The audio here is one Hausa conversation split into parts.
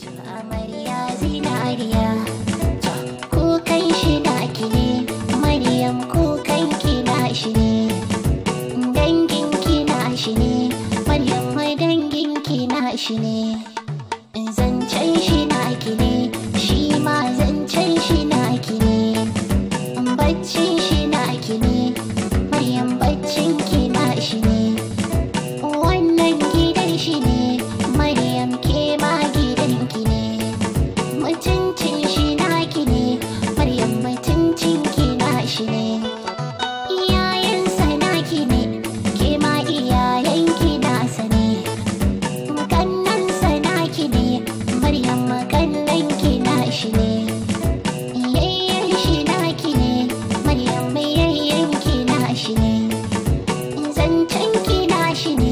Amarya zinariya, kukan shi na ake Maryam kukan ki na shi ne, dangin ki na shi ne, Maryam dangin ki na shi ne. shi shi na ki ne maryam mai yayyan ki na shi ne zancen ki na shi ne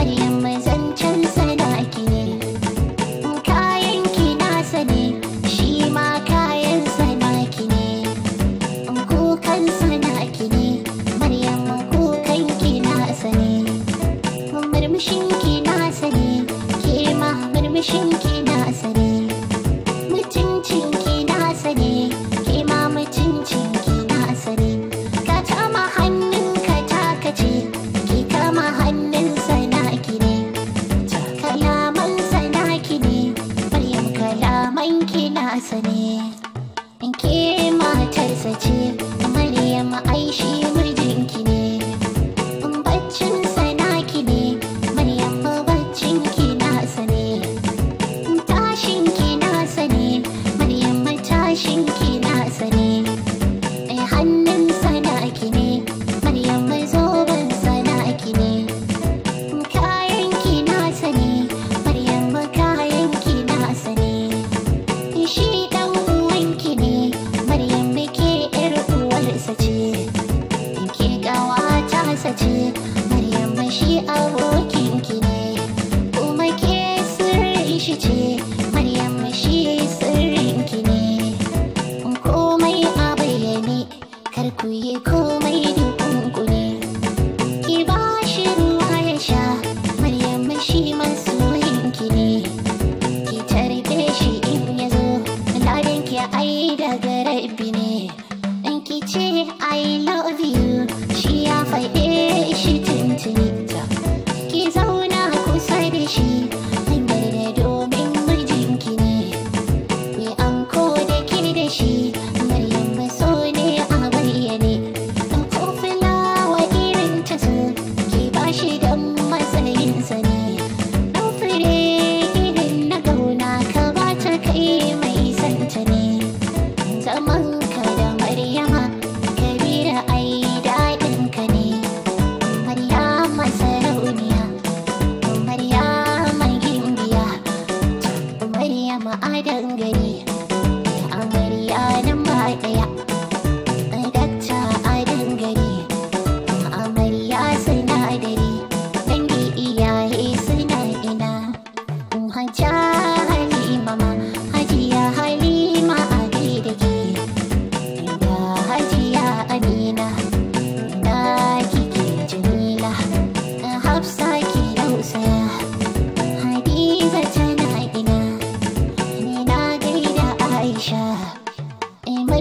maryam mai zancen sana ki ne kayan ki na sani shi ma kayan sana ki ne kukan sana ki ne maryam kukan ki na sani murmushin ki na sani ke ma murmushin ki na sani 枯叶枯梅凋。